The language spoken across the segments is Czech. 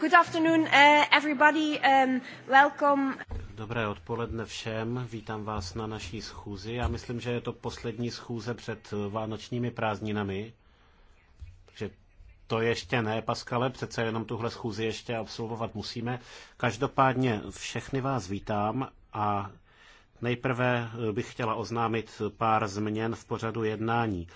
Good afternoon, uh, everybody. Um, welcome. Dobré odpoledne všem, vítám vás na naší schůzi. Já myslím, že je to poslední schůze před vánočními prázdninami. Takže to ještě ne, Paskale, přece jenom tuhle schůzi ještě absolvovat musíme. Každopádně všechny vás vítám a nejprve bych chtěla oznámit pár změn v pořadu jednání.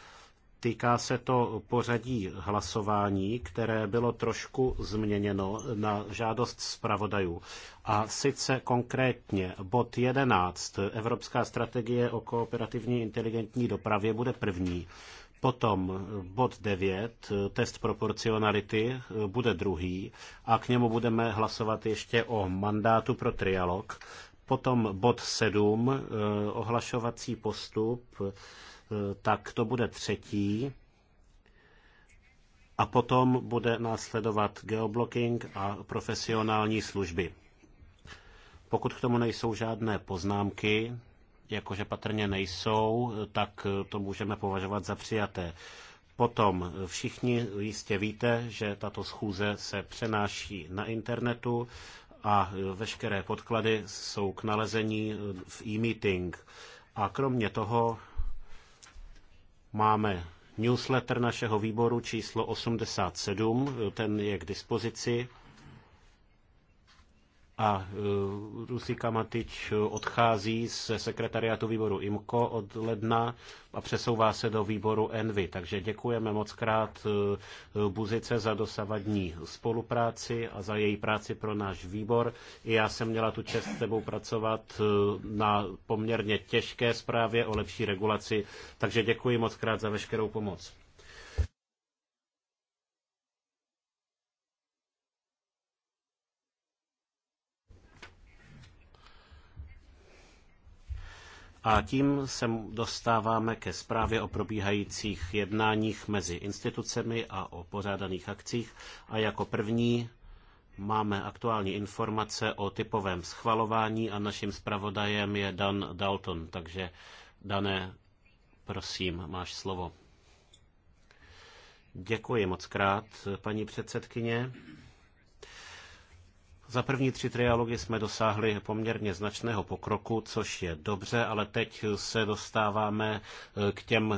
Týká se to pořadí hlasování, které bylo trošku změněno na žádost zpravodajů. A sice konkrétně bod 11, Evropská strategie o kooperativní inteligentní dopravě, bude první. Potom bod 9, test proporcionality, bude druhý a k němu budeme hlasovat ještě o mandátu pro trialog. Potom bod 7, eh, ohlašovací postup, Eh, tak to bude třetí. A potom bude následovat geoblocking a profesionální služby. Pokud k tomu nejsou žádné poznámky, jakože patrně nejsou, tak to můžeme považovat za přijaté. Potom eh, všichni jistě víte, že tato schůze se přenáší na internetu a eh, veškeré podklady jsou k nalezení v e-meeting. A kromě toho Máme newsletter našeho výboru číslo 87, ten je k dispozici a e, Rusi Kamatič odchází ze sekretariátu výboru IMKO od ledna a přesouvá se do výboru ENVY. Takže děkujeme moc krát e, Buzice za dosavadní spolupráci a za její práci pro náš výbor. I já jsem měla tu čest s tebou pracovat e, na poměrně těžké zprávě o lepší regulaci, takže děkuji moc krát za veškerou pomoc. A tím se dostáváme ke zprávě o probíhajících jednáních mezi institucemi a o pořádaných akcích. A jako první máme aktuální informace o typovém schvalování a naším zpravodajem je Dan Dalton. Takže, Dané, prosím, máš slovo. Děkuji moc krát, paní předsedkyně. Za první tři trialogy jsme dosáhli poměrně značného pokroku, což je dobře, ale teď se dostáváme e, k těm e,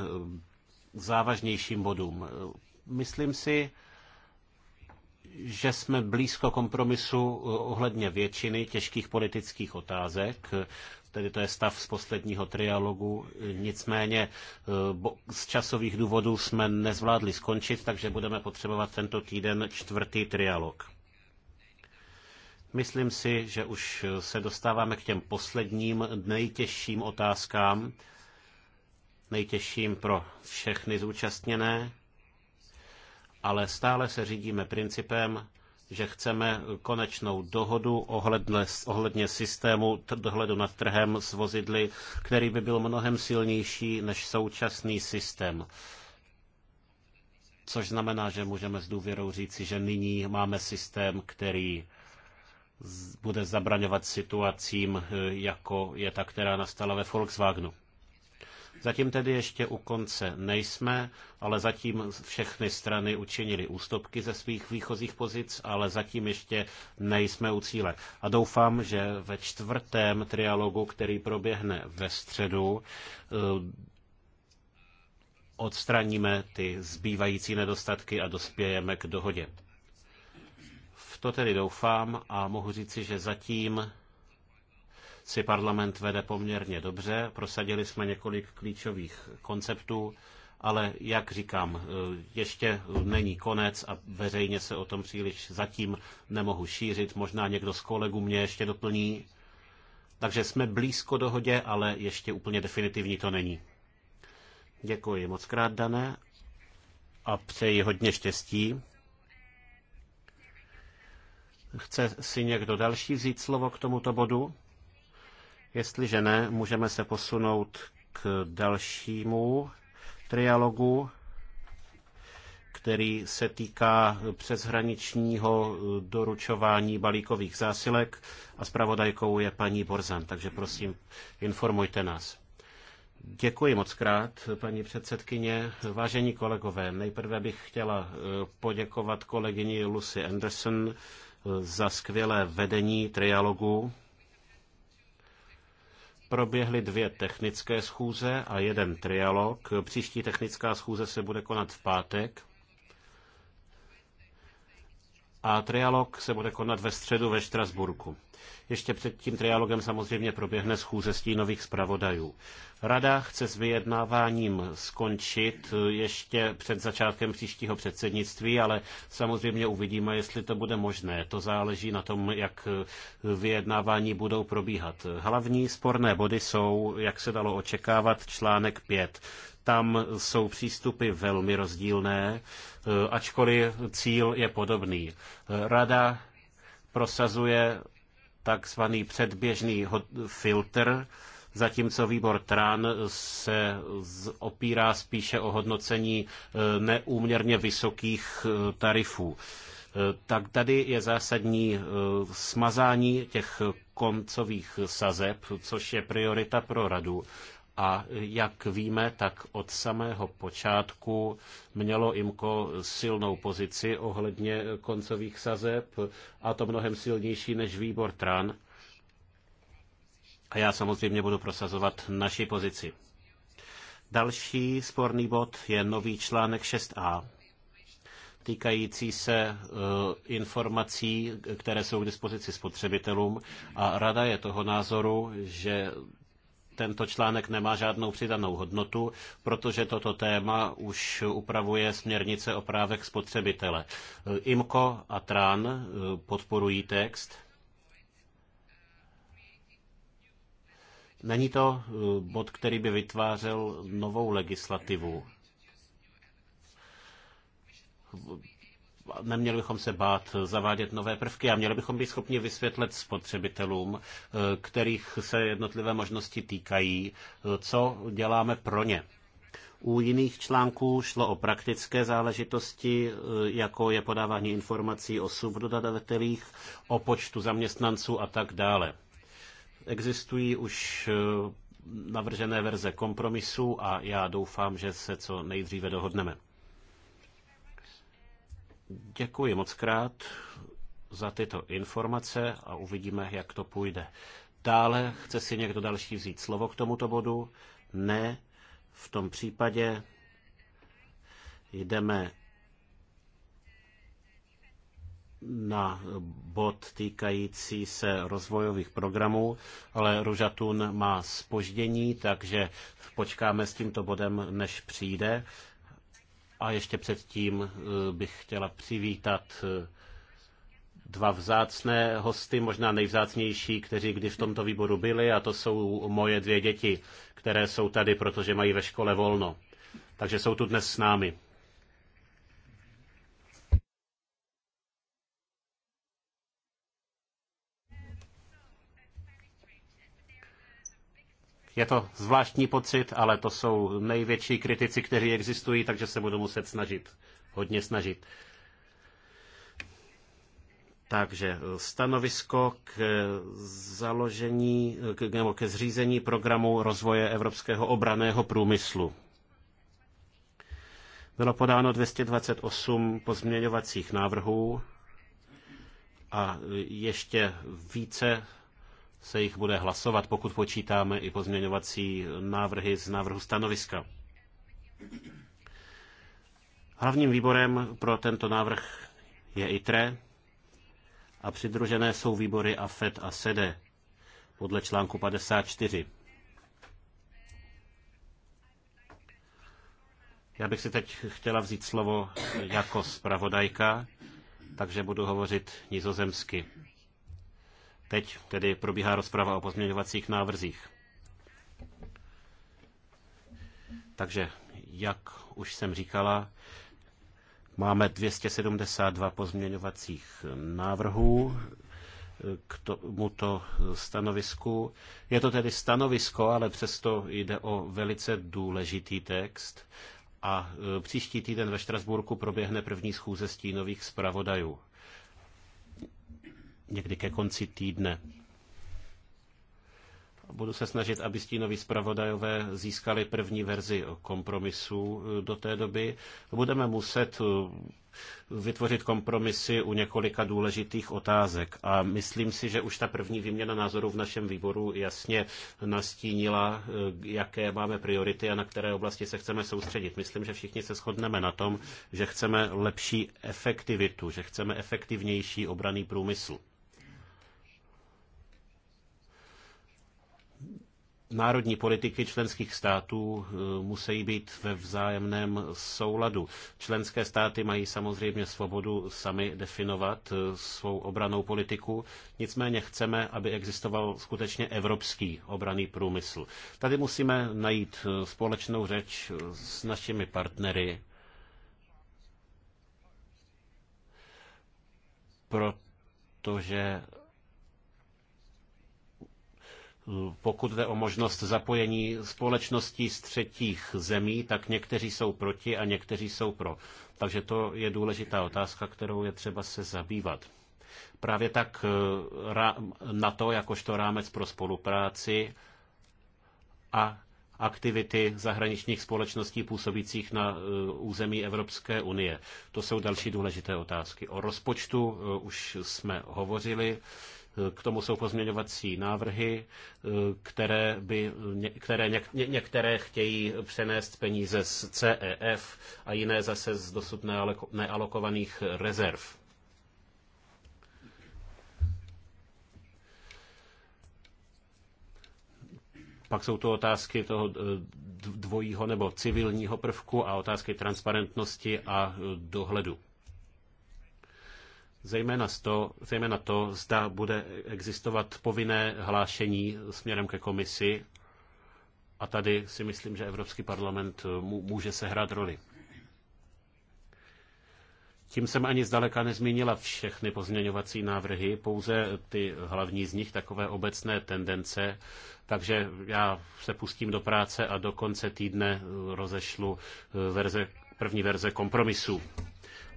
závažnějším bodům. E, myslím si, že jsme blízko kompromisu ohledně většiny těžkých politických otázek, tedy to je stav z posledního trialogu. Nicméně z časových důvodů jsme nezvládli skončit, takže budeme potřebovat tento týden čtvrtý trialog. Myslím si, že už se dostáváme k těm posledním nejtěžším otázkám, nejtěžším pro všechny zúčastněné, ale stále se řídíme principem, že chceme konečnou dohodu ohledne, ohledně systému dohledu nad trhem s vozidly, který by byl mnohem silnější než současný systém. Což znamená, že můžeme s důvěrou říci, že nyní máme systém, který bude zabraňovat situacím, e, jako je ta, která nastala ve Volkswagenu. Zatím tedy ještě u konce nejsme, ale zatím všechny strany učinily ústupky ze svých výchozích pozic, ale zatím ještě nejsme u cíle. A doufám, že ve čtvrtém trialogu, který proběhne ve středu, e, odstraníme ty zbývající nedostatky a dospějeme k dohodě. To tedy doufám a mohu říci, že zatím si parlament vede poměrně dobře. Prosadili jsme několik klíčových konceptů, ale jak říkám, eh, ještě není konec a veřejně se o tom příliš zatím nemohu šířit. Možná někdo z kolegů mě ještě doplní. Takže jsme blízko dohodě, ale ještě úplně definitivní to není. Děkuji moc krát, Dané, a přeji hodně štěstí Chce si někdo další vzít slovo k tomuto bodu? Jestliže ne, můžeme se posunout k dalšímu trialogu, který se týká přeshraničního doručování balíkových zásilek a zpravodajkou je paní Borzan, takže prosím, informujte nás. Děkuji moc krát, paní předsedkyně. Vážení kolegové, nejprve bych chtěla eh, poděkovat kolegyni Lucy Anderson za skvělé vedení trialogu. Proběhly dvě technické schůze a jeden trialog. Příští technická schůze se bude konat v pátek. A trialog se bude konat ve středu ve Štrasburku. Ještě před tím trialogem samozřejmě proběhne schůze stínových zpravodajů. Rada chce s vyjednáváním skončit eh, ještě před začátkem příštího předsednictví, ale samozřejmě uvidíme, jestli to bude možné. To záleží na tom, jak eh, vyjednávání budou probíhat. Hlavní sporné body jsou, jak se dalo očekávat, článek 5 tam jsou přístupy velmi rozdílné, eh, ačkoliv cíl je podobný. Rada prosazuje takzvaný předběžný filtr, zatímco výbor TRAN se opírá spíše o hodnocení e, neúměrně vysokých e, tarifů. E, tak tady je zásadní smazání těch koncových sazeb, což je priorita pro radu. A jak víme, tak od samého počátku mělo Imko silnou pozici ohledně koncových sazeb a to mnohem silnější než výbor TRAN. A já samozřejmě budu prosazovat naši pozici. Další sporný bod je nový článek 6a týkající se e, informací, které jsou k dispozici spotřebitelům. A rada je toho názoru, že tento článek nemá žádnou přidanou hodnotu, protože toto téma už upravuje směrnice o právech spotřebitele. IMCO a TRAN eh, podporují text. Není to eh, bod, který by vytvářel novou legislativu neměli bychom se bát zavádět nové prvky a měli bychom být schopni vysvětlit spotřebitelům, eh, kterých se jednotlivé možnosti týkají, eh, co děláme pro ně. U jiných článků šlo o praktické záležitosti, eh, jako je podávání informací o subdodavatelích, o počtu zaměstnanců a tak dále. Existují už navržené verze kompromisu a já doufám, že se co nejdříve dohodneme. Děkuji moc krát za tyto informace a uvidíme, jak to půjde. Dále chce si někdo další vzít slovo k tomuto bodu? Ne. V tom případě jdeme na bod týkající se rozvojových programů, ale Ružatun má spoždění, takže počkáme s tímto bodem, než přijde. A ještě předtím eh, bych chtěla přivítat eh, dva vzácné hosty, možná nejvzácnější, kteří kdy v tomto výboru byli, a to jsou moje dvě děti, které jsou tady, protože mají ve škole volno. Takže jsou tu dnes s námi. Je to zvláštní pocit, ale to jsou největší kritici, kteří existují, takže se budu muset snažit, hodně snažit. Takže eh, stanovisko k eh, založení k, nebo ke zřízení programu rozvoje evropského obraného průmyslu. Bylo podáno 228 pozměňovacích návrhů a eh, ještě více se jich bude hlasovat, pokud počítáme i pozměňovací návrhy z návrhu stanoviska. Hlavním výborem pro tento návrh je ITRE a přidružené jsou výbory AFET a SEDE podle článku 54. Já bych si teď chtěla vzít slovo jako zpravodajka, takže budu hovořit nizozemsky. Teď tedy probíhá rozprava o pozměňovacích návrzích. Takže, jak už jsem říkala, máme 272 pozměňovacích návrhů k tomuto stanovisku. Je to tedy stanovisko, ale přesto jde o velice důležitý text. A e, příští týden ve Štrasburku proběhne první schůze stínových zpravodajů někdy ke konci týdne. Budu se snažit, aby stínoví zpravodajové získali první verzi kompromisu do té doby. Budeme muset uh, vytvořit kompromisy u několika důležitých otázek. A myslím si, že už ta první výměna názorů v našem výboru jasně nastínila, uh, jaké máme priority a na které oblasti se chceme soustředit. Myslím, že všichni se shodneme na tom, že chceme lepší efektivitu, že chceme efektivnější obraný průmysl. národní politiky členských států eh, musí být ve vzájemném souladu. Členské státy mají samozřejmě svobodu sami definovat eh, svou obranou politiku, nicméně chceme, aby existoval skutečně evropský obraný průmysl. Tady musíme najít eh, společnou řeč s našimi partnery, protože pokud jde o možnost zapojení společností z třetích zemí, tak někteří jsou proti a někteří jsou pro. Takže to je důležitá otázka, kterou je třeba se zabývat. Právě tak eh, na to, jakožto rámec pro spolupráci a aktivity zahraničních společností působících na eh, území Evropské unie. To jsou další důležité otázky. O rozpočtu eh, už jsme hovořili. K tomu jsou pozměňovací návrhy, eh, které, by, které něk, ně, některé chtějí přenést peníze z CEF a jiné zase z dosud nealokovaných rezerv. Pak jsou to otázky toho eh, dvojího nebo civilního prvku a otázky transparentnosti a eh, dohledu. Zejména to, zejména to, zda bude existovat povinné hlášení směrem ke komisi. A tady si myslím, že Evropský parlament může sehrát roli. Tím jsem ani zdaleka nezmínila všechny pozměňovací návrhy, pouze ty hlavní z nich, takové obecné tendence. Takže já se pustím do práce a do konce týdne rozešlu verze, první verze kompromisu.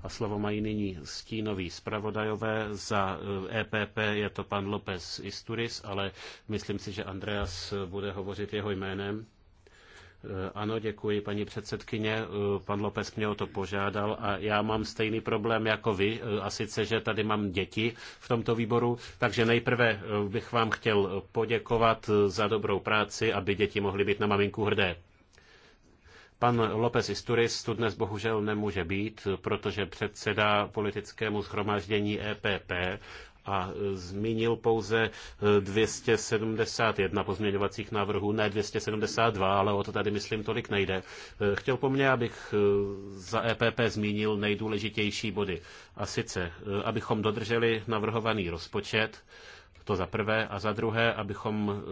A slovo mají nyní stínoví zpravodajové. Za EPP eh, e je to pan López Isturis, ale myslím si, že Andreas eh, bude hovořit jeho jménem. Eh, ano, děkuji, paní předsedkyně. Pan Lopez mě o to požádal a já mám stejný problém jako vy, a sice, že tady mám děti v tomto výboru, takže nejprve bych vám chtěl poděkovat za dobrou práci, aby děti mohly být na maminku hrdé. Pan López Isturis tu dnes bohužel nemůže být, protože předseda politickému schromáždění EPP a zmínil pouze 271 pozměňovacích návrhů, ne 272, ale o to tady myslím tolik nejde. Chtěl po mně, abych za EPP zmínil nejdůležitější body. A sice, abychom dodrželi navrhovaný rozpočet, to za prvé, a za druhé, abychom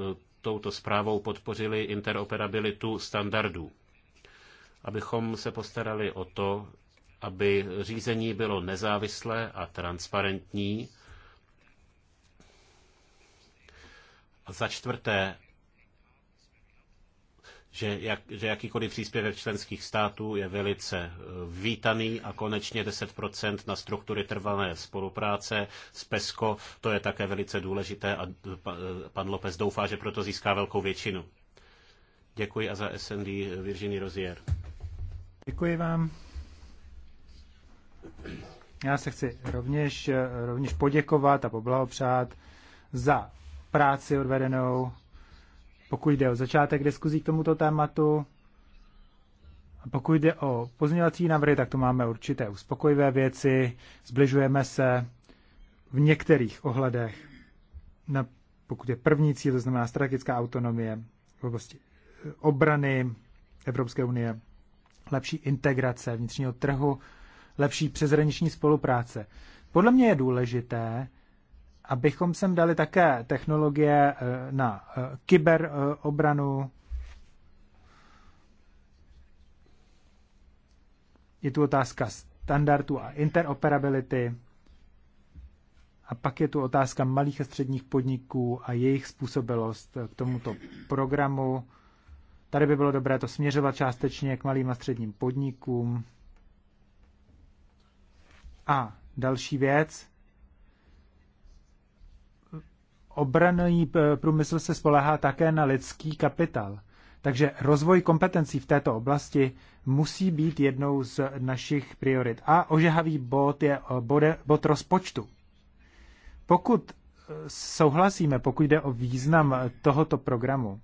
touto zprávou podpořili interoperabilitu standardů abychom se postarali o to, aby řízení bylo nezávislé a transparentní. A za čtvrté, že, jak, že jakýkoliv příspěvek členských států je velice eh, vítaný a konečně 10% na struktury trvalé spolupráce s PESCO, to je také velice důležité a eh, eh, pan López doufá, že proto získá velkou většinu. Děkuji a za SND Virginie Rozier. Děkuji vám. Já se chci rovněž, rovněž poděkovat a poblahopřát za práci odvedenou, pokud jde o začátek diskuzí k tomuto tématu. A pokud jde o pozměňovací návrhy, tak to máme určité uspokojivé věci, zbližujeme se v některých ohledech, na, pokud je první cíl, to znamená strategická autonomie v oblasti obrany Evropské unie, lepší integrace vnitřního trhu, lepší přezraniční spolupráce. Podle mě je důležité, abychom sem dali také technologie eh, na eh, kyberobranu. Eh, je tu otázka standardu a interoperability. A pak je tu otázka malých a středních podniků a jejich způsobilost k tomuto programu Tady by bylo dobré to směřovat částečně k malým a středním podnikům. A další věc. obranný eh, průmysl se spolehá také na lidský kapitál. Takže rozvoj kompetencí v této oblasti musí být jednou z našich priorit. A ožehavý bod je eh, bod, bod rozpočtu. Pokud eh, souhlasíme, pokud jde o význam tohoto programu,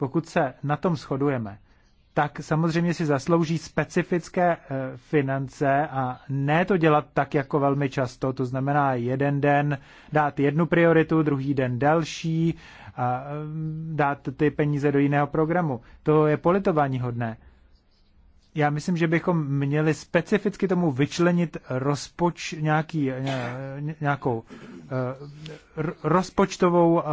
pokud se na tom shodujeme, tak samozřejmě si zaslouží specifické eh, finance a ne to dělat tak jako velmi často, to znamená jeden den dát jednu prioritu, druhý den další a mm, dát ty peníze do jiného programu. To je politování hodné já myslím, že bychom měli specificky tomu vyčlenit rozpoč, nějaký, ně, nějakou eh, rozpočtovou eh,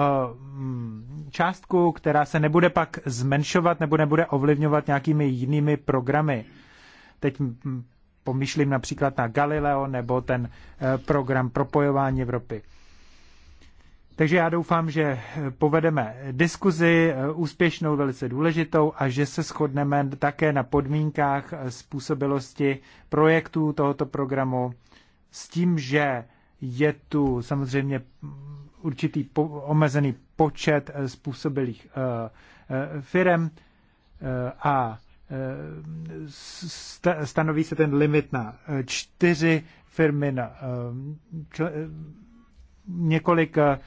mm, částku, která se nebude pak zmenšovat nebo nebude ovlivňovat nějakými jinými programy. Teď mm, pomýšlím například na Galileo nebo ten eh, program propojování Evropy. Takže já doufám, že eh, povedeme eh, diskuzi eh, úspěšnou, velice důležitou a že se shodneme také na podmínkách způsobilosti projektů tohoto programu s tím, že je tu samozřejmě určitý po, omezený počet způsobilých uh, firem a stanoví se ten limit na čtyři firmy na několik eh,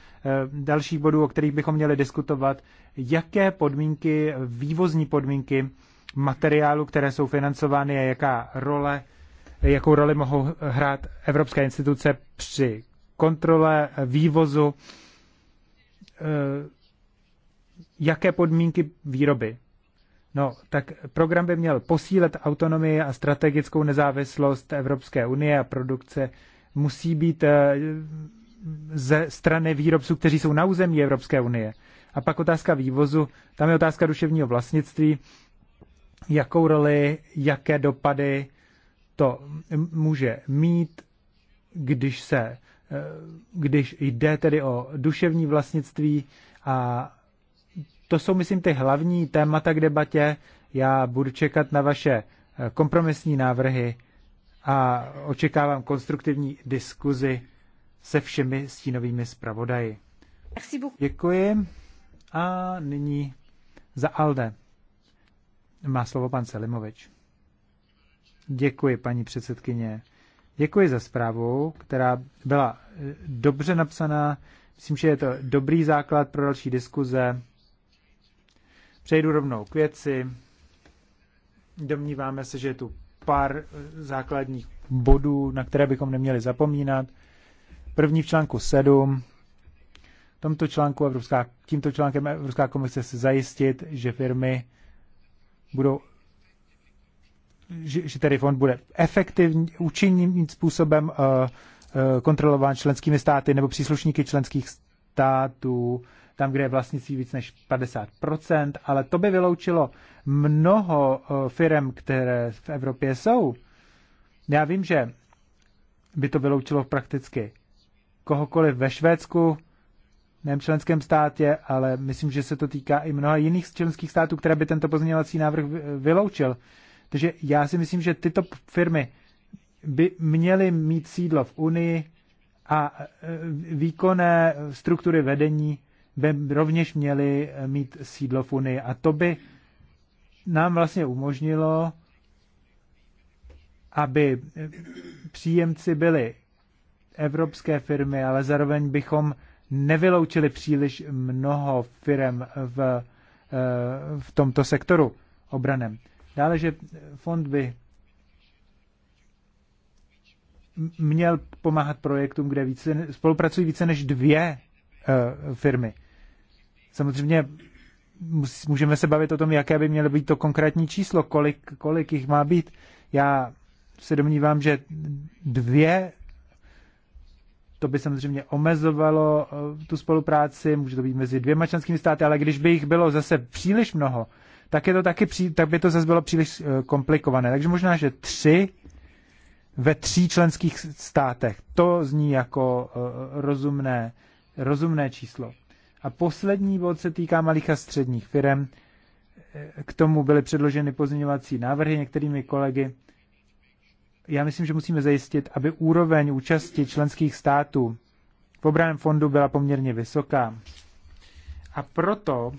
dalších bodů, o kterých bychom měli diskutovat. Jaké podmínky, vývozní podmínky materiálu, které jsou financovány a jaká role, jakou roli mohou hrát evropské instituce při kontrole vývozu, eh, jaké podmínky výroby. No, tak program by měl posílet autonomii a strategickou nezávislost Evropské unie a produkce musí být eh, ze strany výrobců, kteří jsou na území Evropské unie. A pak otázka vývozu, tam je otázka duševního vlastnictví, jakou roli, jaké dopady to může mít, když se, eh, když jde tedy o duševní vlastnictví a to jsou, myslím, ty hlavní témata k debatě. Já budu čekat na vaše eh, kompromisní návrhy a očekávám konstruktivní diskuzi se všemi stínovými zpravodaji. Děkuji. A nyní za Alde má slovo pan Selimovič. Děkuji, paní předsedkyně. Děkuji za zprávu, která byla eh, dobře napsaná. Myslím, že je to dobrý základ pro další diskuze. Přejdu rovnou k věci. Domníváme se, že je tu pár eh, základních bodů, na které bychom neměli zapomínat. První v článku 7. Tomto článku Evropská, tímto článkem Evropská komise se zajistit, že firmy budou že, že tedy fond bude efektivní, účinným způsobem uh, uh, kontrolován členskými státy nebo příslušníky členských států, tam, kde je vlastnictví víc než 50%, ale to by vyloučilo mnoho uh, eh, firm, které v Evropě jsou. Já vím, že by to vyloučilo prakticky kohokoliv ve Švédsku, mém členském státě, ale myslím, že se to týká i mnoha jiných členských států, které by tento pozměňovací návrh vyloučil. Takže já si myslím, že tyto firmy by měly mít sídlo v Unii a e, výkonné struktury vedení by rovněž měly e, mít sídlo v Unii. A to by nám vlastně umožnilo, aby e, příjemci byli evropské firmy, ale zároveň bychom nevyloučili příliš mnoho firm v, eh, v tomto sektoru obranem. Dále, že fond by měl pomáhat projektům, kde více, spolupracují více než dvě eh, firmy. Samozřejmě můžeme se bavit o tom, jaké by mělo být to konkrétní číslo, kolik, kolik jich má být. Já se domnívám, že dvě to by samozřejmě omezovalo eh, tu spolupráci, může to být mezi dvěma členskými státy, ale když by jich bylo zase příliš mnoho, tak, je to taky, tak by to zase bylo příliš eh, komplikované. Takže možná, že tři ve tří členských státech. To zní jako eh, rozumné, rozumné číslo. A poslední bod se týká malých a středních firm. K tomu byly předloženy pozměňovací návrhy některými kolegy já myslím, že musíme zajistit, aby úroveň účasti členských států v obraném fondu byla poměrně vysoká. A proto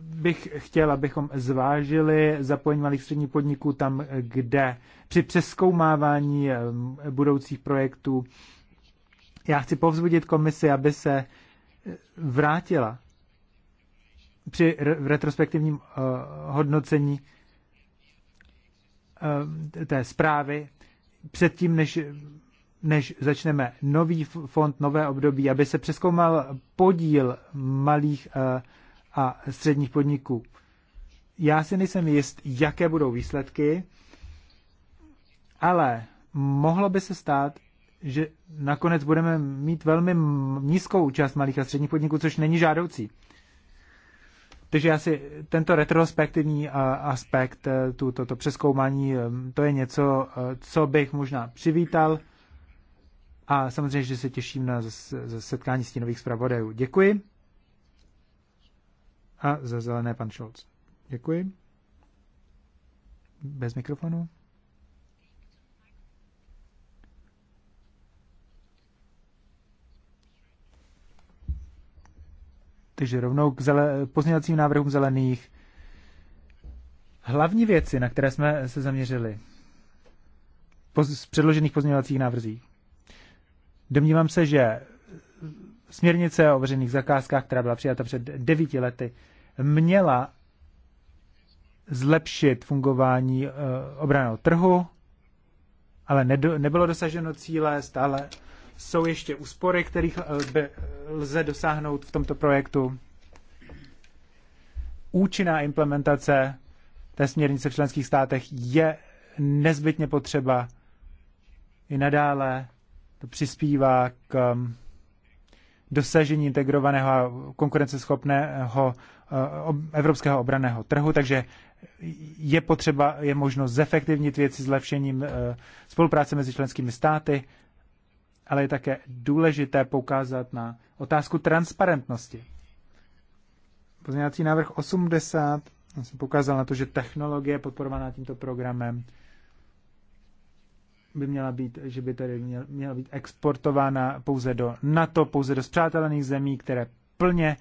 bych chtěl, abychom zvážili zapojení malých středních podniků tam, kde při přeskoumávání eh, budoucích projektů. Já chci povzbudit komisi, aby se eh, vrátila při retrospektivním eh, hodnocení Eh, té zprávy předtím, než, než začneme nový fond, nové období, aby se přeskoumal podíl malých eh, a středních podniků. Já si nejsem jist, jaké budou výsledky, ale mohlo by se stát, že nakonec budeme mít velmi nízkou účast malých a středních podniků, což není žádoucí. Takže asi tento retrospektivní eh, aspekt, eh, toto to přeskoumání, eh, to je něco, co bych možná přivítal. A samozřejmě, že se těším na setkání stínových zpravodajů. Děkuji. A za zelené pan Scholz. Děkuji. Bez mikrofonu. Takže rovnou k zele, pozměňovacím návrhům zelených. Hlavní věci, na které jsme se zaměřili poz, z předložených pozměňovacích návrzích. Domnívám se, že směrnice o veřejných zakázkách, která byla přijata před devíti lety, měla zlepšit fungování e, eh, obraného trhu, ale nedo, nebylo dosaženo cíle, stále jsou ještě úspory, kterých eh, lze dosáhnout v tomto projektu. Účinná implementace té směrnice v členských státech je nezbytně potřeba i nadále. To přispívá k ehm, dosažení integrovaného a konkurenceschopného eh, evropského obraného trhu, takže je potřeba, je možno zefektivnit věci zlepšením eh, spolupráce mezi členskými státy ale je také důležité poukázat na otázku transparentnosti. Pozměňovací návrh 80 já jsem poukázal na to, že technologie podporovaná tímto programem by měla být, že by tedy měla, měla být exportována pouze do NATO, pouze do zpřátelených zemí, které plně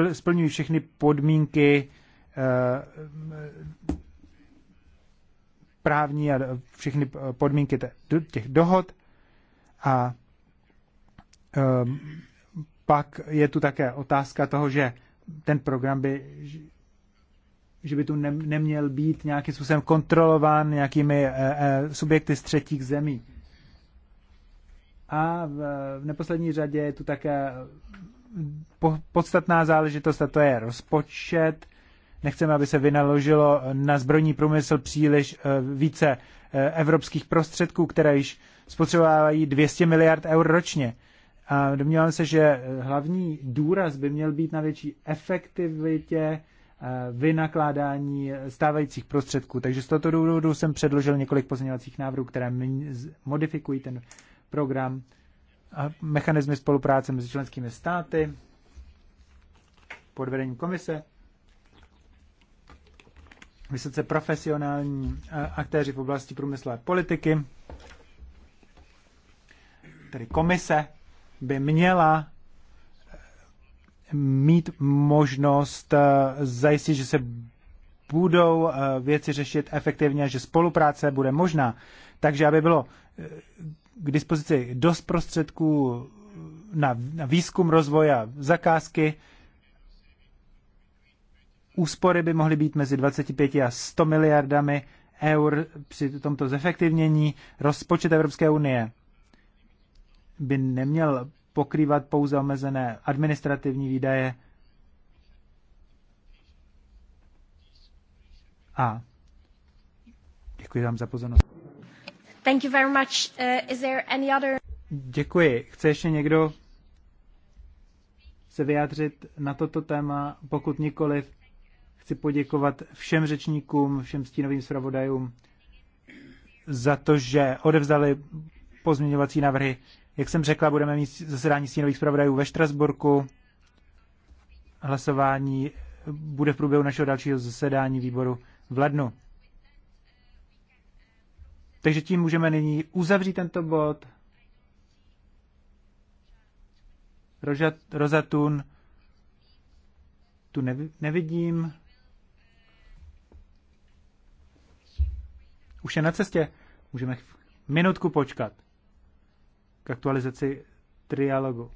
eh, splňují všechny podmínky eh, eh, právní a všechny podmínky těch dohod. A um, pak je tu také otázka toho, že ten program by, že by tu neměl být nějakým způsobem kontrolován nějakými e, e, subjekty z třetích zemí. A v, neposlední řadě je tu také e, podstatná záležitost, a to je rozpočet. Nechceme, aby se vynaložilo na zbrojní průmysl příliš více evropských prostředků, které již spotřebovávají 200 miliard eur ročně. A domnívám se, že eh, hlavní důraz by měl být na větší efektivitě eh, vynakládání eh, stávajících prostředků. Takže z tohoto důvodu jsem předložil několik pozměňovacích návrhů, které modifikují ten program a mechanizmy spolupráce mezi členskými státy pod vedením komise. Vysoce profesionální aktéři v oblasti průmyslové politiky, tedy komise, by měla eh, mít možnost eh, zajistit, že se budou eh, věci řešit efektivně že spolupráce bude možná. Takže aby bylo k dispozici dost prostředků na, na výzkum, rozvoj a zakázky, úspory by mohly být mezi 25 a 100 miliardami eur při tomto zefektivnění rozpočet Evropské unie by neměl pokrývat pouze omezené administrativní výdaje a děkuji vám za pozornost. Thank you very much. Uh, is there any other... Děkuji. Chce ještě někdo se vyjádřit na toto téma? Pokud nikoliv, chci poděkovat všem řečníkům, všem stínovým zpravodajům za to, že odevzali pozměňovací návrhy jak jsem řekla, budeme mít zasedání stínových zpravodajů ve Štrasburku. Hlasování bude v průběhu našeho dalšího zasedání výboru v lednu. Takže tím můžeme nyní uzavřít tento bod. Rožat, rozatun tu nevidím. Už je na cestě. Můžeme minutku počkat k aktualizaci trialogu.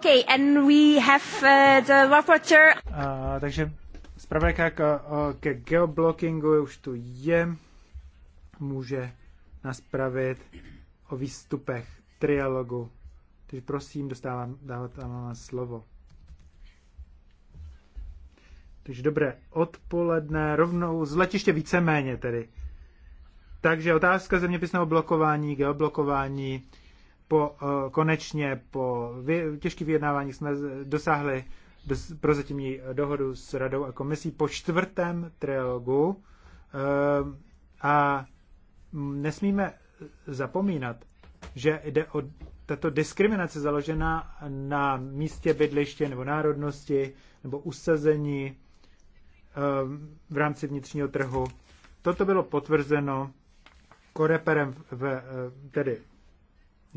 Okay, and we have uh, the rapporteur. Uh, takže zpravodajka k, ke geoblockingu už tu je. Může nás pravit o výstupech trialogu. Takže prosím, dostávám, dávat na slovo. Takže dobré odpoledne, rovnou z letiště víceméně tedy. Takže otázka zeměpisného blokování, geoblokování, po, eh, konečně po těžkých vyjednávání jsme dosáhli prozatímní dohodu s radou a komisí po čtvrtém trilogu eh, a nesmíme zapomínat, že jde o tato diskriminace založená na místě bydliště nebo národnosti nebo usazení eh, v rámci vnitřního trhu. Toto bylo potvrzeno koreperem v, tedy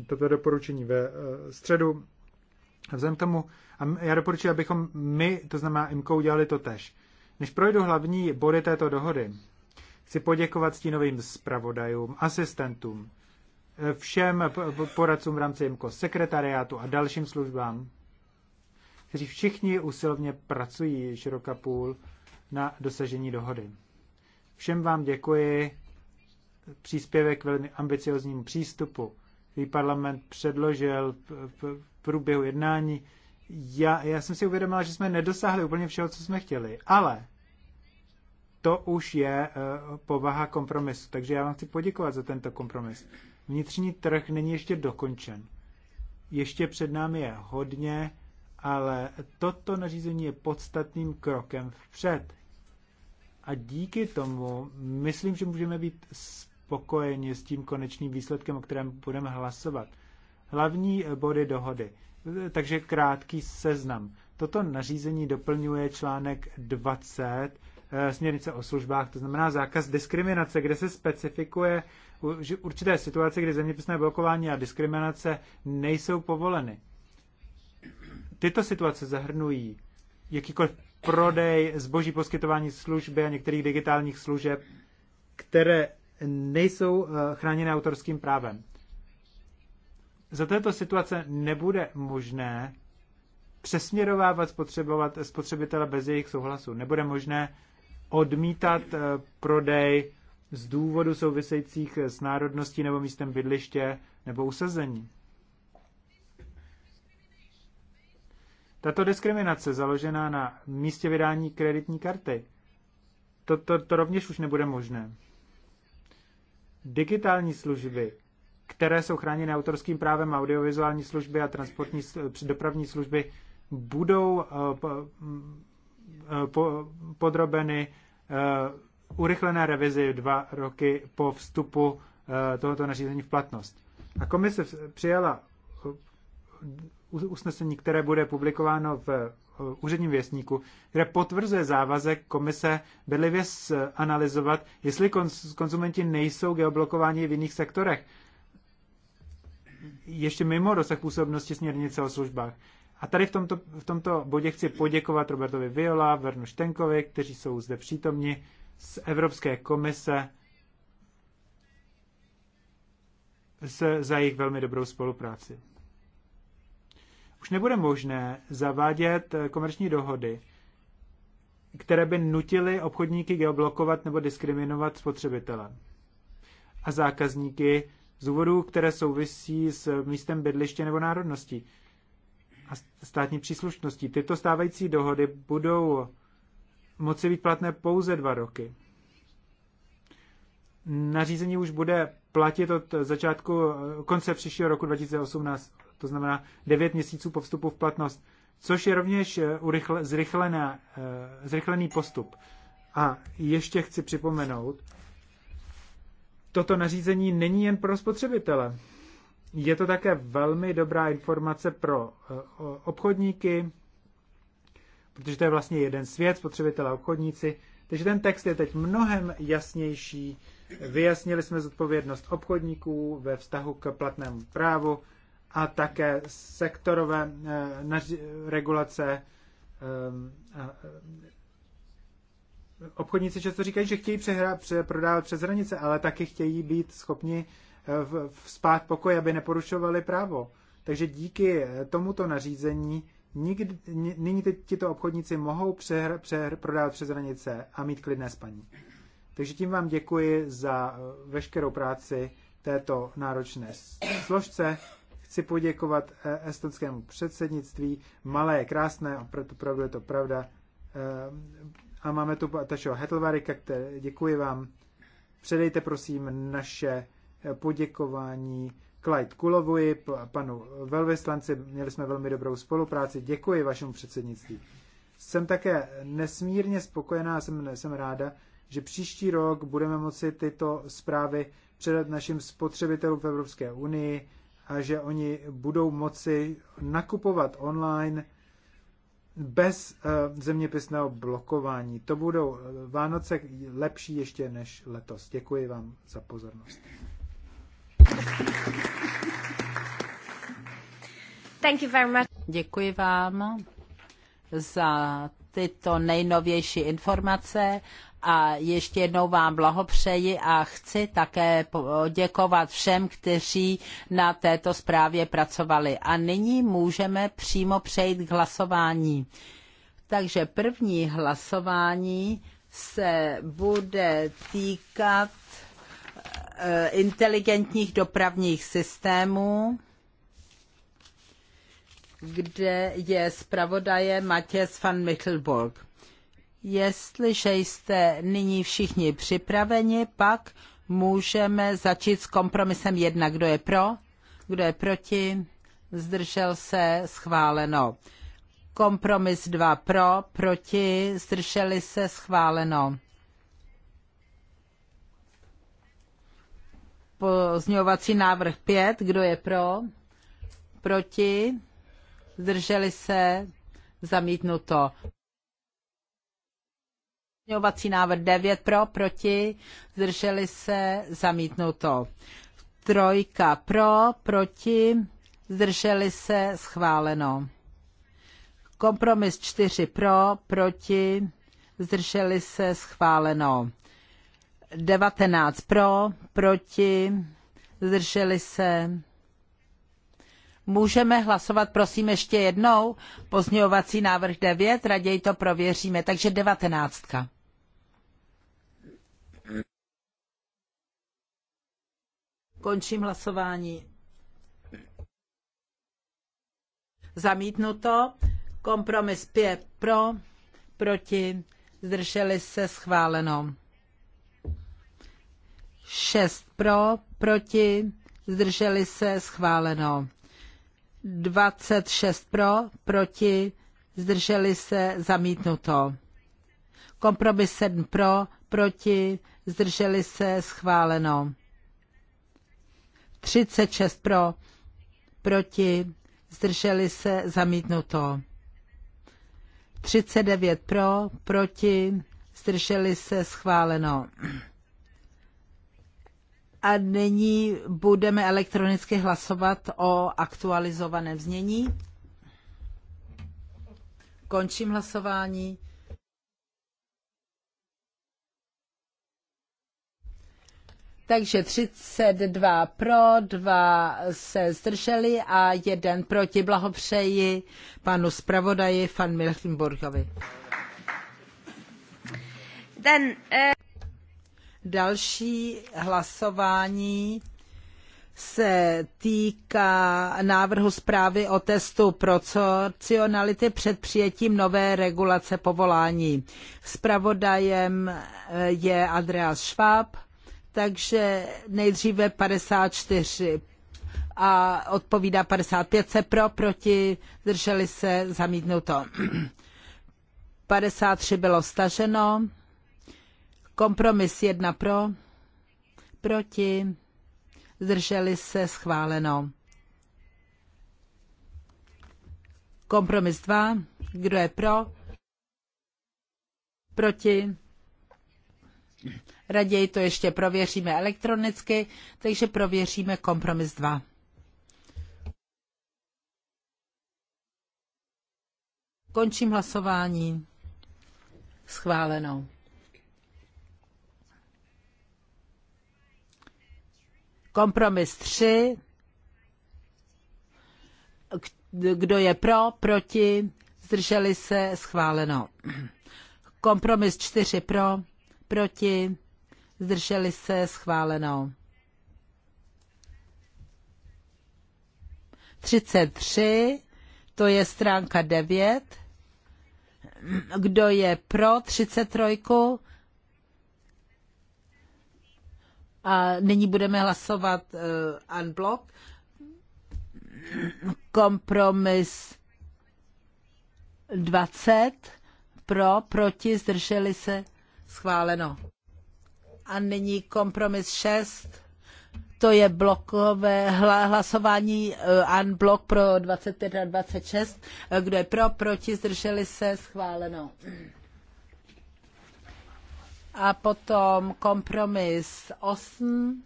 toto doporučení ve eh, středu. Vzhledem k tomu, a já doporučuji, abychom my, to znamená IMCO, udělali to tež. Než projdu hlavní body této dohody, chci poděkovat stínovým zpravodajům, asistentům, eh, všem poradcům v rámci IMCO, sekretariátu a dalším službám, kteří všichni usilovně pracují široka půl na dosažení dohody. Všem vám děkuji příspěvek k velmi ambicioznímu přístupu který parlament předložil v průběhu jednání, já, já jsem si uvědomila, že jsme nedosáhli úplně všeho, co jsme chtěli, ale to už je uh, povaha kompromisu. Takže já vám chci poděkovat za tento kompromis. Vnitřní trh není ještě dokončen. Ještě před námi je hodně, ale toto nařízení je podstatným krokem vpřed. A díky tomu myslím, že můžeme být spokojeni s tím konečným výsledkem, o kterém budeme hlasovat. Hlavní body dohody. Takže krátký seznam. Toto nařízení doplňuje článek 20 eh, směrnice o službách, to znamená zákaz diskriminace, kde se specifikuje že určité situace, kdy zeměpisné blokování a diskriminace nejsou povoleny. Tyto situace zahrnují jakýkoliv prodej, zboží poskytování služby a některých digitálních služeb, které nejsou eh, chráněny autorským právem. Za této situace nebude možné přesměrovávat spotřebovat, spotřebitele bez jejich souhlasu. Nebude možné odmítat eh, prodej z důvodu souvisejících s národností nebo místem bydliště nebo usazení. Tato diskriminace založená na místě vydání kreditní karty, to, to, to rovněž už nebude možné digitální služby, které jsou chráněny autorským právem, audiovizuální služby a transportní dopravní služby, budou eh, eh, podrobeny eh, urychlené revizi dva roky po vstupu tohoto nařízení v platnost. A komise přijala usnesení, které bude publikováno v Eh, úředním věstníku, kde potvrzuje závazek komise bedlivě analyzovat, jestli konzumenti nejsou geoblokováni v jiných sektorech, ještě mimo dosah působnosti směrnice o službách. A tady v tomto, v tomto bodě chci poděkovat Robertovi Viola, Vernu Štenkovi, kteří jsou zde přítomni z Evropské komise se, za jejich velmi dobrou spolupráci už nebude možné zavádět eh, komerční dohody, které by nutily obchodníky geoblokovat nebo diskriminovat spotřebitele a zákazníky z důvodů, které souvisí s místem bydliště nebo národností a státní příslušností. Tyto stávající dohody budou moci být platné pouze dva roky. Nařízení už bude platit od začátku eh, konce příštího roku 2018 to znamená 9 měsíců po vstupu v platnost, což je rovněž eh, zrychlená, eh, zrychlený postup. A ještě chci připomenout, toto nařízení není jen pro spotřebitele. Je to také velmi dobrá informace pro eh, obchodníky, protože to je vlastně jeden svět, spotřebitelé a obchodníci. Takže ten text je teď mnohem jasnější. Vyjasnili jsme zodpovědnost obchodníků ve vztahu k platnému právu a také sektorové eh, regulace. Ehm, eh, obchodníci často říkají, že chtějí prodávat přes hranice, ale taky chtějí být schopni eh, spát pokoj, aby neporušovali právo. Takže díky tomuto nařízení nikdy, nyní tito obchodníci mohou přehr, přehr, prodávat přes hranice a mít klidné spaní. Takže tím vám děkuji za veškerou práci této náročné složce chci poděkovat eh, estonskému předsednictví. Malé je krásné, opravdu je to pravda. Eh, a máme tu Tašeho Hetlvarika, které děkuji vám. Předejte prosím naše eh, poděkování Clyde Kulovovi, panu velvyslanci. Měli jsme velmi dobrou spolupráci. Děkuji vašemu předsednictví. Jsem také nesmírně spokojená, jsem, jsem ráda, že příští rok budeme moci tyto zprávy předat našim spotřebitelům v Evropské unii a že oni budou moci nakupovat online bez eh, zeměpisného blokování. To budou eh, Vánoce lepší ještě než letos. Děkuji vám za pozornost. Thank you very much. Děkuji vám za tyto nejnovější informace a ještě jednou vám blahopřeji a chci také poděkovat všem, kteří na této zprávě pracovali. A nyní můžeme přímo přejít k hlasování. Takže první hlasování se bude týkat eh, inteligentních dopravních systémů, kde je zpravodaje Matěj van Michelburg. Jestliže jste nyní všichni připraveni, pak můžeme začít s kompromisem 1. Kdo je pro? Kdo je proti? Zdržel se? Schváleno. Kompromis 2 pro, proti, zdrželi se, schváleno. Pozňovací návrh 5, kdo je pro, proti, zdrželi se, zamítnuto. Pozměňovací návrh 9 pro, proti, zdrželi se, zamítnuto. Trojka pro, proti, zdrželi se, schváleno. Kompromis 4 pro, proti, zdrželi se, schváleno. 19 pro, proti, zdrželi se, Můžeme hlasovat, prosím, ještě jednou. Pozměňovací návrh 9, raději to prověříme, takže 19. Končím hlasování. Zamítnuto. Kompromis 5 pro, proti, zdrželi se schváleno. 6 pro, proti, zdrželi se schváleno. 26 pro, proti, zdrželi se, zamítnuto. Kompromis 7 pro, proti, zdrželi se, schváleno. 36 pro, proti, zdrželi se, zamítnuto. 39 pro, proti, zdrželi se, schváleno. A nyní budeme elektronicky hlasovat o aktualizovaném znění. Končím hlasování. Takže 32 pro, 2 se zdrželi a jeden proti. Blahopřeji panu zpravodaji, fan Milchenburgovi. Then, uh... Další hlasování se týká návrhu zprávy o testu proporcionality před přijetím nové regulace povolání. Spravodajem eh, je Andreas Schwab, takže nejdříve 54 a odpovídá 55 se pro, proti, drželi se, zamítnuto. 53 bylo staženo. Kompromis jedna pro, proti, zdrželi se schváleno. Kompromis dva, kdo je pro, proti, raději to ještě prověříme elektronicky, takže prověříme kompromis dva. Končím hlasování. Schváleno. Kompromis 3. Kdo je pro, proti, zdrželi se, schváleno. Kompromis 4 pro, proti, zdrželi se, schváleno. 33, to je stránka 9. Kdo je pro 33? a nyní budeme hlasovat uh, unblock. Kompromis 20 pro, proti, zdrželi se, schváleno. A nyní kompromis 6, to je blokové hlasování eh, unblock pro 25 a 26. Eh, kdo je pro, proti, zdrželi se, schváleno a potom kompromis 8,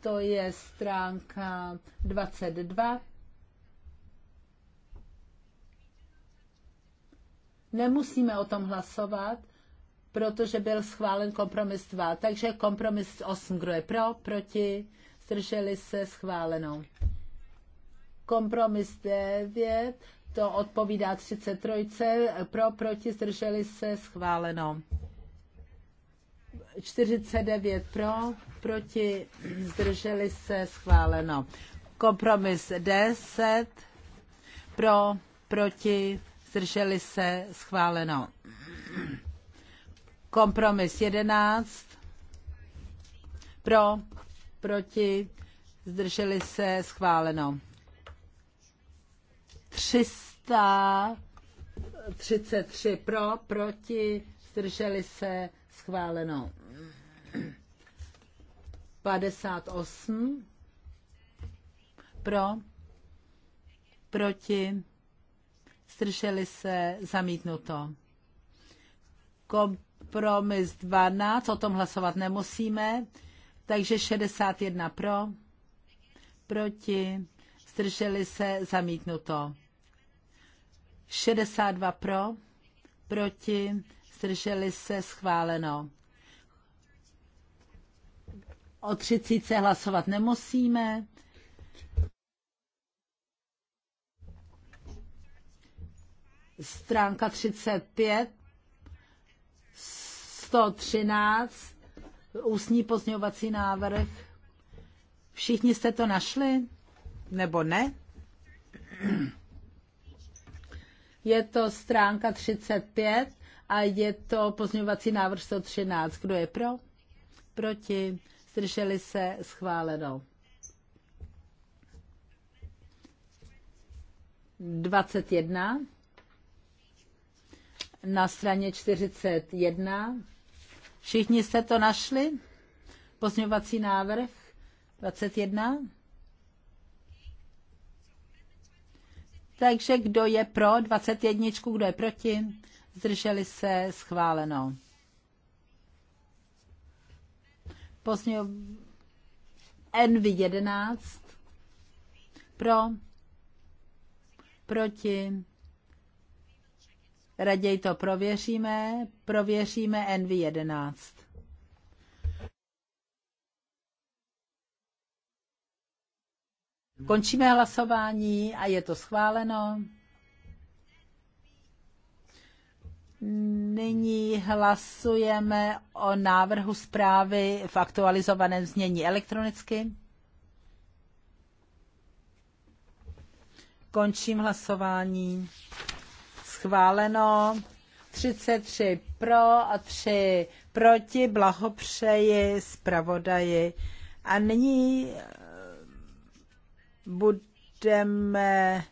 to je stránka 22. Nemusíme o tom hlasovat, protože byl schválen kompromis 2. Takže kompromis 8, kdo je pro, proti, zdrželi se schválenou. Kompromis 9, to odpovídá 33, pro, proti, zdrželi se, schváleno. 49 pro, proti, zdrželi se, schváleno. Kompromis 10, pro, proti, zdrželi se, schváleno. Kompromis 11, pro, proti, zdrželi se, schváleno. 333 pro, proti, zdrželi se, schváleno. 58 pro, proti, zdrželi se, zamítnuto. Kompromis 12, o tom hlasovat nemusíme, takže 61 pro, proti, zdrželi se, zamítnuto. 62 pro, proti, zdrželi se, schváleno. O 30 hlasovat nemusíme. Stránka 35, 113, ústní pozňovací návrh. Všichni jste to našli? Nebo ne? Je to stránka 35 a je to pozměňovací návrh 113. Kdo je pro? Proti? Zdrželi se? Schváleno. 21 na straně 41. Všichni jste to našli? Pozměňovací návrh 21? Takže kdo je pro 21, kdo je proti? Zdrželi se schváleno. Pozdně NV 11 pro proti Raději to prověříme. Prověříme NV11. Končíme hlasování a je to schváleno. Nyní hlasujeme o návrhu zprávy v aktualizovaném znění elektronicky. Končím hlasování. Schváleno. 33 pro a 3 proti. Blahopřeji zpravodaji. A nyní budeme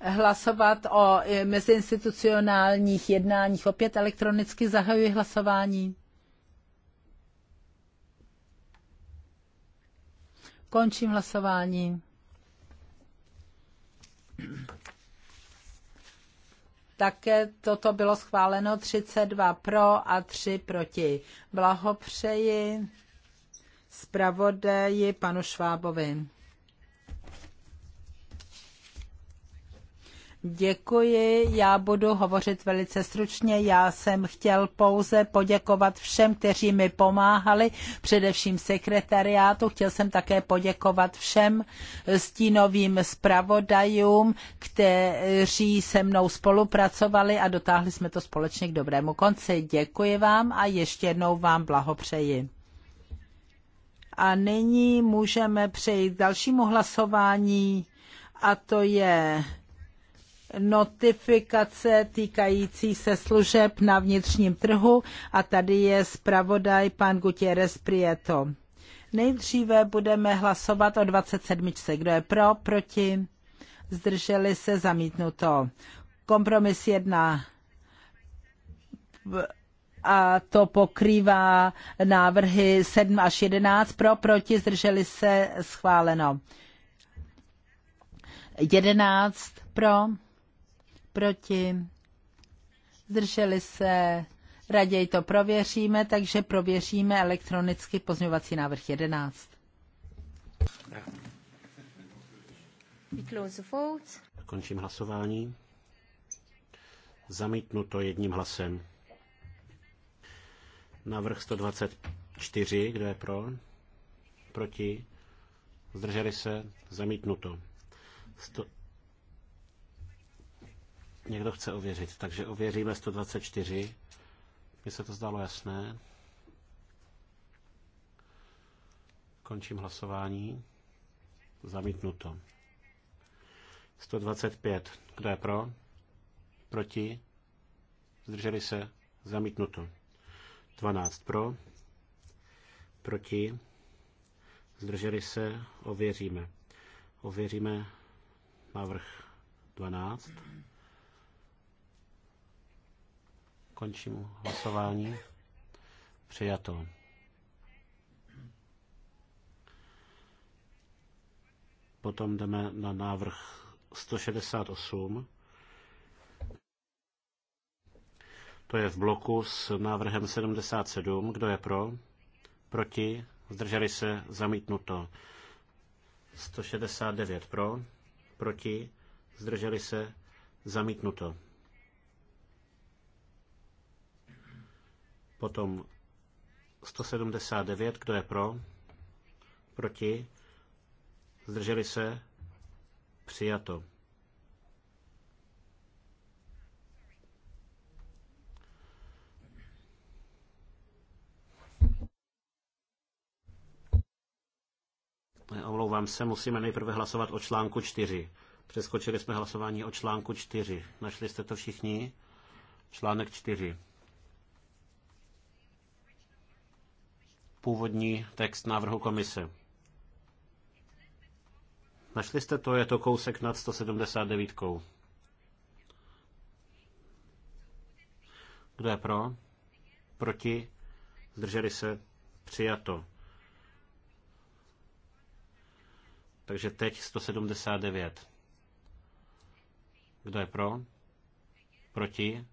hlasovat o meziinstitucionálních jednáních. Opět elektronicky zahajuji hlasování. Končím hlasování. Také toto bylo schváleno 32 pro a 3 proti. Blahopřeji zpravodaji panu Švábovi. Děkuji, já budu hovořit velice stručně. Já jsem chtěl pouze poděkovat všem, kteří mi pomáhali, především sekretariátu. Chtěl jsem také poděkovat všem stínovým zpravodajům, kteří se mnou spolupracovali a dotáhli jsme to společně k dobrému konci. Děkuji vám a ještě jednou vám blahopřeji a nyní můžeme přejít k dalšímu hlasování a to je notifikace týkající se služeb na vnitřním trhu a tady je zpravodaj pan Gutierrez Prieto. Nejdříve budeme hlasovat o 27. Kdo je pro, proti? Zdrželi se zamítnuto. Kompromis 1 a to pokrývá návrhy 7 až 11 pro, proti, zdrželi se schváleno. 11 pro, proti, zdrželi se, raději to prověříme, takže prověříme elektronicky pozměňovací návrh 11. We close the Končím hlasování. Zamítnuto jedním hlasem. Návrh 124, kdo je pro? Proti? Zdrželi se? Zamítnuto. to. Někdo chce ověřit, takže ověříme 124. Mně se to zdalo jasné. Končím hlasování. Zamítnuto. 125. Kdo je pro? Proti? Zdrželi se? Zamítnuto. 12 pro? Proti? Zdrželi se? Ověříme. Ověříme návrh 12. Mm-hmm. Končím hlasování. Přijato. Potom jdeme na návrh 168. To je v bloku s návrhem 77. Kdo je pro? Proti? Zdrželi se? Zamítnuto. 169 pro? Proti? Zdrželi se? Zamítnuto. Potom 179, kdo je pro? Proti? Zdrželi se? Přijato. Omlouvám se, musíme nejprve hlasovat o článku 4. Přeskočili jsme hlasování o článku 4. Našli jste to všichni? Článek 4. původní text návrhu komise. Našli jste to, je to kousek nad 179. Kdo je pro? Proti? Zdrželi se? Přijato. Takže teď 179. Kdo je pro? Proti?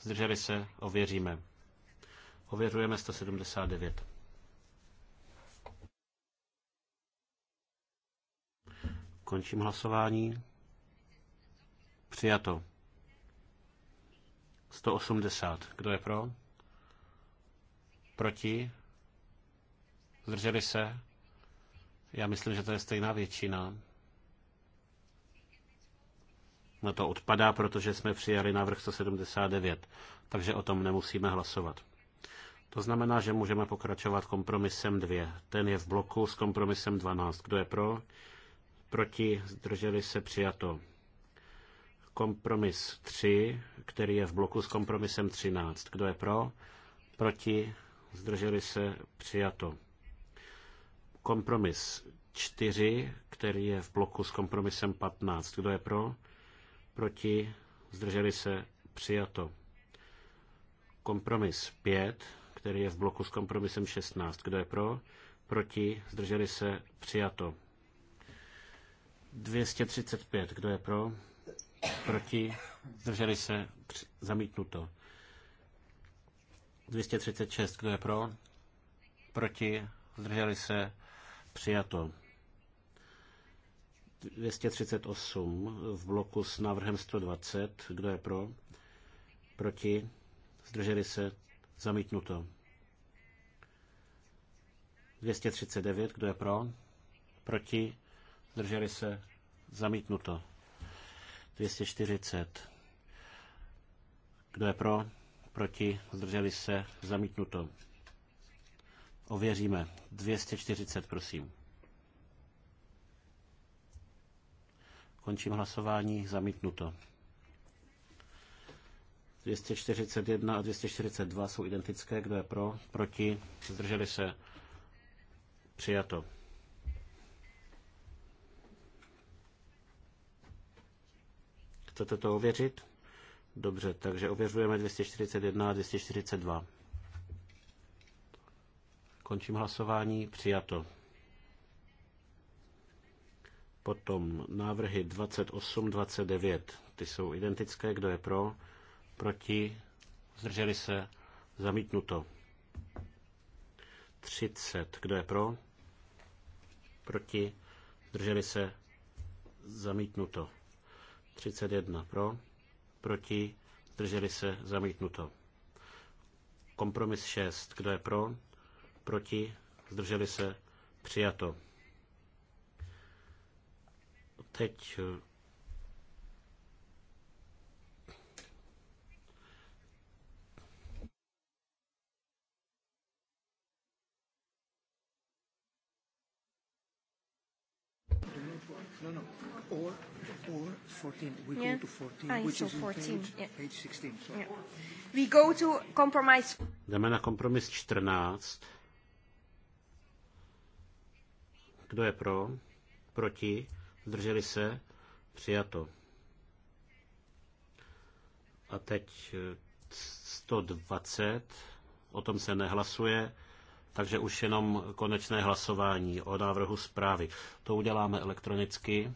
Zdrželi se? Ověříme. Ověřujeme 179. Končím hlasování. Přijato. 180. Kdo je pro? Proti? Zdrželi se? Já myslím, že to je stejná většina. No to odpadá, protože jsme přijali návrh 179, takže o tom nemusíme hlasovat. To znamená, že můžeme pokračovat kompromisem 2. Ten je v bloku s kompromisem 12. Kdo je pro? Proti? Zdrželi se přijato. Kompromis 3, který je v bloku s kompromisem 13. Kdo je pro? Proti? Zdrželi se přijato. Kompromis 4, který je v bloku s kompromisem 15. Kdo je pro? Proti? Zdrželi se přijato. Kompromis 5, který je v bloku s kompromisem 16. Kdo je pro? Proti? Zdrželi se? Přijato. 235. Kdo je pro? Proti? Zdrželi se? Při... Zamítnuto. 236. Kdo je pro? Proti? Zdrželi se? Přijato. 238 v bloku s návrhem 120. Kdo je pro? Proti? Zdrželi se? Zamítnuto. 239, kdo je pro? Proti? Zdrželi se? Zamítnuto. 240. Kdo je pro? Proti? Zdrželi se? Zamítnuto. Ověříme. 240, prosím. Končím hlasování. Zamítnuto. 241 a 242 jsou identické. Kdo je pro? Proti? Zdrželi se? Přijato. Chcete to ověřit? Dobře, takže ověřujeme 241 a 242. Končím hlasování. Přijato. Potom návrhy 28, 29. Ty jsou identické. Kdo je pro? Proti? Zdrželi se? Zamítnuto. 30. Kdo je pro? Proti? Drželi se? Zamítnuto. 31. Pro? Proti? Drželi se? Zamítnuto. Kompromis 6. Kdo je pro? Proti? Zdrželi se? Přijato. Teď or or 14. We yeah. go to 14, ah, which is 14. Page, yeah. page 16. Yeah. We go to compromise. Jdeme na kompromis 14. Kdo je pro? Proti? Zdrželi se? Přijato. A teď 120. Eh, o tom se nehlasuje, takže už jenom konečné hlasování o návrhu zprávy. To uděláme elektronicky.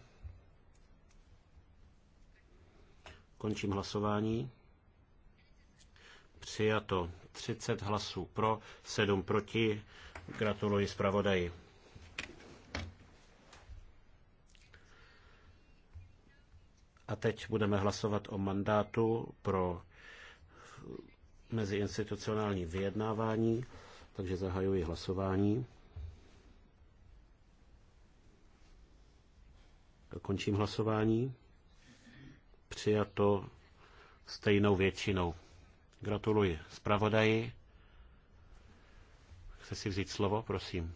Končím hlasování. Přijato 30 hlasů pro, 7 proti. Gratuluji zpravodaji. A teď budeme hlasovat o mandátu pro meziinstitucionální vyjednávání, takže zahajuji hlasování. Končím hlasování přijato stejnou většinou. Gratuluji zpravodaji. Chce si vzít slovo, prosím.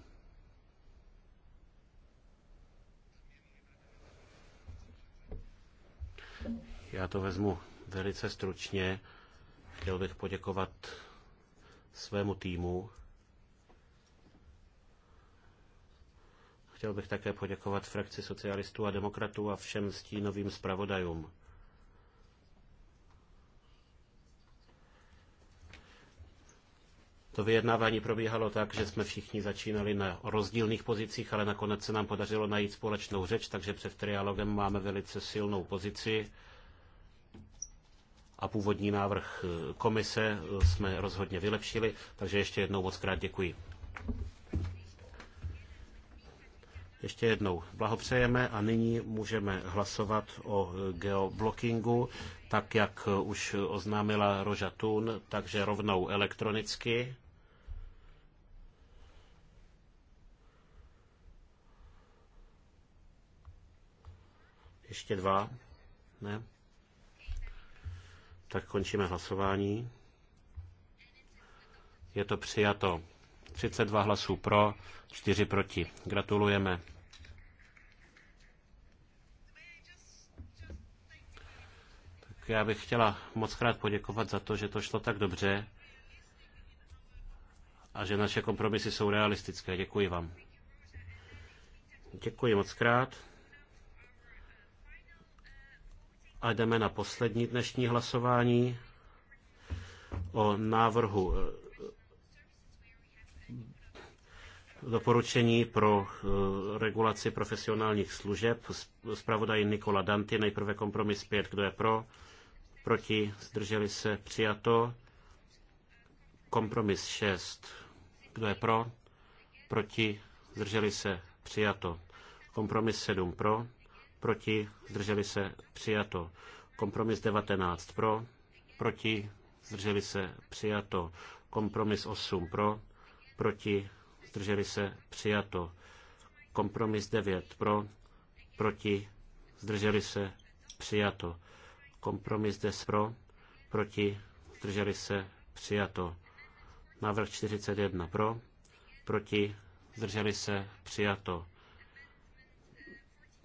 Já to vezmu velice stručně. Chtěl bych poděkovat svému týmu. Chtěl bych také poděkovat frakci socialistů a demokratů a všem stínovým zpravodajům. To vyjednávání probíhalo tak, že jsme všichni začínali na rozdílných pozicích, ale nakonec se nám podařilo najít společnou řeč, takže před trialogem máme velice silnou pozici a původní návrh eh, komise eh, jsme rozhodně vylepšili, takže ještě jednou moc krát děkuji. Ještě jednou blahopřejeme a nyní můžeme hlasovat o eh, geoblockingu, tak jak už oznámila Roža Thun, takže rovnou elektronicky. Ještě dva? Ne? Tak končíme hlasování. Je to přijato. 32 hlasů pro, 4 proti. Gratulujeme. Tak já bych chtěla moc krát poděkovat za to, že to šlo tak dobře a že naše kompromisy jsou realistické. Děkuji vám. Děkuji moc krát. A jdeme na poslední dnešní hlasování o návrhu eh, doporučení pro eh, regulaci profesionálních služeb. Zpravodaj Nikola Danty, nejprve kompromis 5, kdo je pro, proti, zdrželi se, přijato. Kompromis 6, kdo je pro, proti, zdrželi se, přijato. Kompromis 7 pro, proti, zdrželi se, přijato. Kompromis 19 pro, proti, zdrželi se, přijato. Kompromis 8 pro, proti, zdrželi se, přijato. Kompromis 9 pro, proti, zdrželi se, přijato. Kompromis 10 pro, proti, zdrželi se, přijato. Návrh 41 pro, proti, zdrželi se, přijato.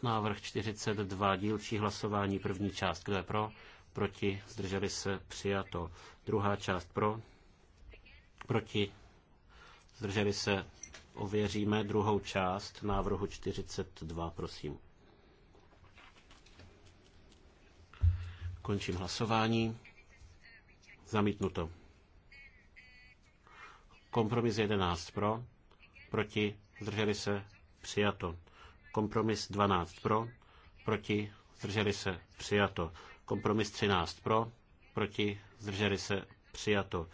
Návrh 42, dílčí hlasování, první část, kdo je pro, proti, zdrželi se, přijato. Druhá část pro, proti, zdrželi se, ověříme druhou část návrhu 42, prosím. Končím hlasování. Zamítnuto. Kompromis 11 pro, proti, zdrželi se, přijato. Kompromis 12 pro, proti, zdrželi se, přijato. Kompromis 13 pro, proti, zdrželi se, přijato.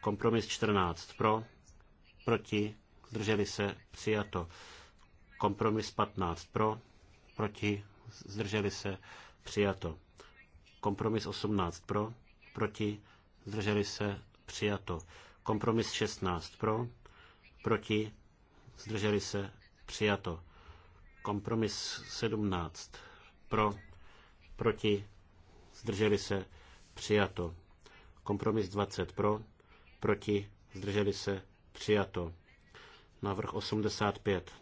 Kompromis 14 pro, proti, zdrželi se, přijato. Kompromis 15 pro, proti, zdrželi se, přijato. Kompromis 18 pro, proti, zdrželi se, přijato. Kompromis 16 pro, proti, zdrželi se, přijato. Kompromis 17. Pro, proti, zdrželi se, přijato. Kompromis 20 pro, proti, zdrželi se, přijato. Návrh 85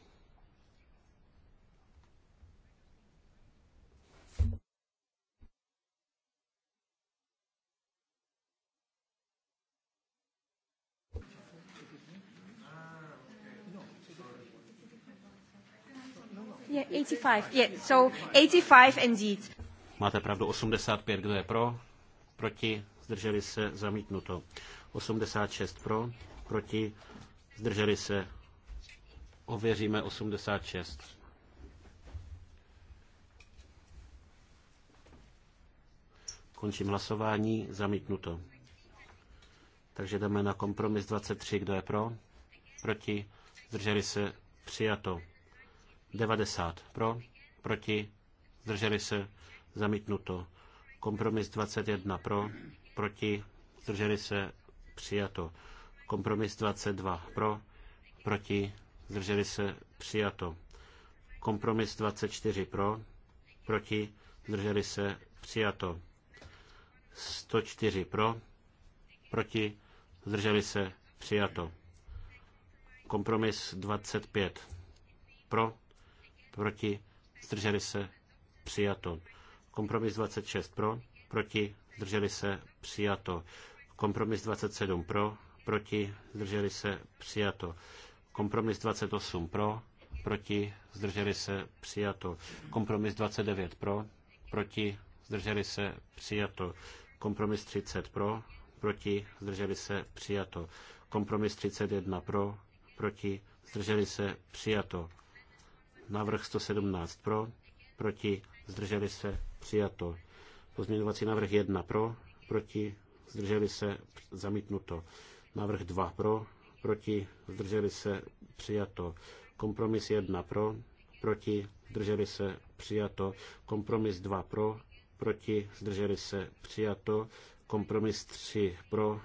85, yeah, so 85 indeed. Máte pravdu, 85, kdo je pro, proti, zdrželi se, zamítnuto. 86 pro, proti, zdrželi se, ověříme 86. Končím hlasování, zamítnuto. Takže jdeme na kompromis 23, kdo je pro, proti, zdrželi se, přijato. 90 pro, proti, zdrželi se, zamítnuto. Kompromis 21 pro, proti, zdrželi se, přijato. Kompromis 22 pro, proti, zdrželi se, přijato. Kompromis 24 pro, proti, zdrželi se, přijato. 104 pro, proti, zdrželi se, přijato. Kompromis 25 pro, proti, zdrželi se, přijato. Kompromis 26 pro, proti, zdrželi se, přijato. Kompromis 27 pro, proti, zdrželi se, přijato. Kompromis 28 pro, proti, zdrželi se, přijato. Kompromis 29 pro, proti, zdrželi se, přijato. Kompromis 30 pro, proti, zdrželi se, přijato. Kompromis 31 pro, proti, zdrželi se, přijato. Návrh 117 pro, proti, zdrželi se, přijato. Pozměňovací návrh 1 pro, proti, zdrželi se, zamítnuto. Návrh 2 pro, proti, zdrželi se, přijato. Kompromis 1 pro, proti, zdrželi se, přijato. Kompromis 2 pro, proti, zdrželi se, přijato. Kompromis 3 pro,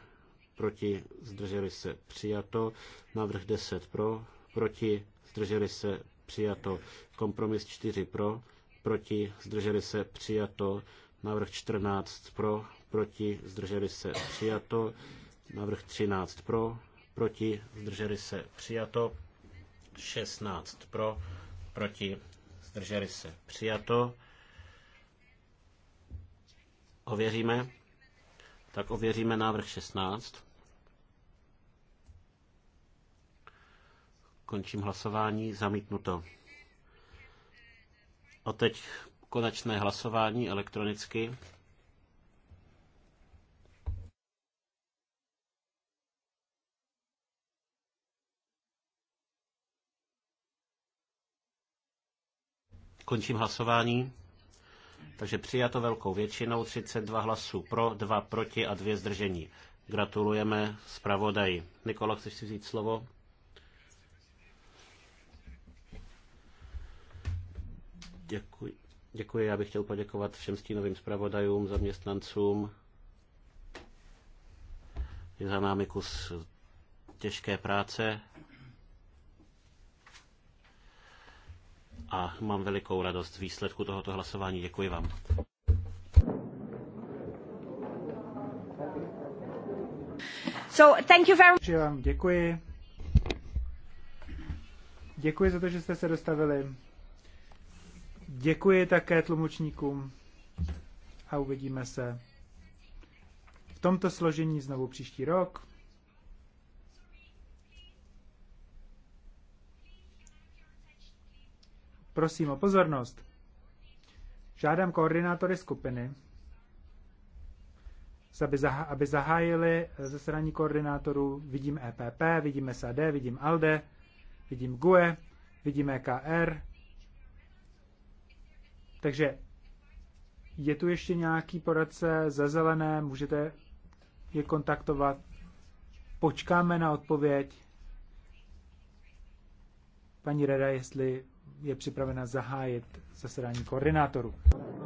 proti, zdrželi se, přijato. Návrh 10 pro, proti, zdrželi se, přijato. Kompromis 4 pro, proti, zdrželi se, přijato. Návrh 14 pro, proti, zdrželi se, přijato. Návrh 13 pro, proti, zdrželi se, přijato. 16 pro, proti, zdrželi se, přijato. Ověříme. Tak ověříme návrh 16. Končím hlasování. Zamítnuto. A teď konečné hlasování elektronicky. Končím hlasování. Takže přijato velkou většinou 32 hlasů pro, 2 proti a 2 zdržení. Gratulujeme zpravodaji. Nikola, chceš si vzít slovo? Děkuji. Děkuji, já bych chtěl poděkovat všem stínovým zpravodajům, zaměstnancům. Je za námi kus těžké práce. A mám velikou radost z výsledku tohoto hlasování. Děkuji vám. So, thank you very much. děkuji. Děkuji za to, že jste se dostavili. Děkuji také tlumočníkům a uvidíme se v tomto složení znovu příští rok. Prosím o pozornost. Žádám koordinátory skupiny, aby, zahájili zasedání koordinátorů. Vidím EPP, vidím SAD, vidím ALDE, vidím GUE, vidím EKR, takže je tu ještě nějaký poradce za zelené, můžete je kontaktovat. Počkáme na odpověď. Paní Reda, jestli je připravena zahájit zasedání koordinátorů.